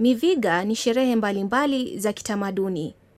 Miviga ni sherehe mbalimbali za kitamaduni.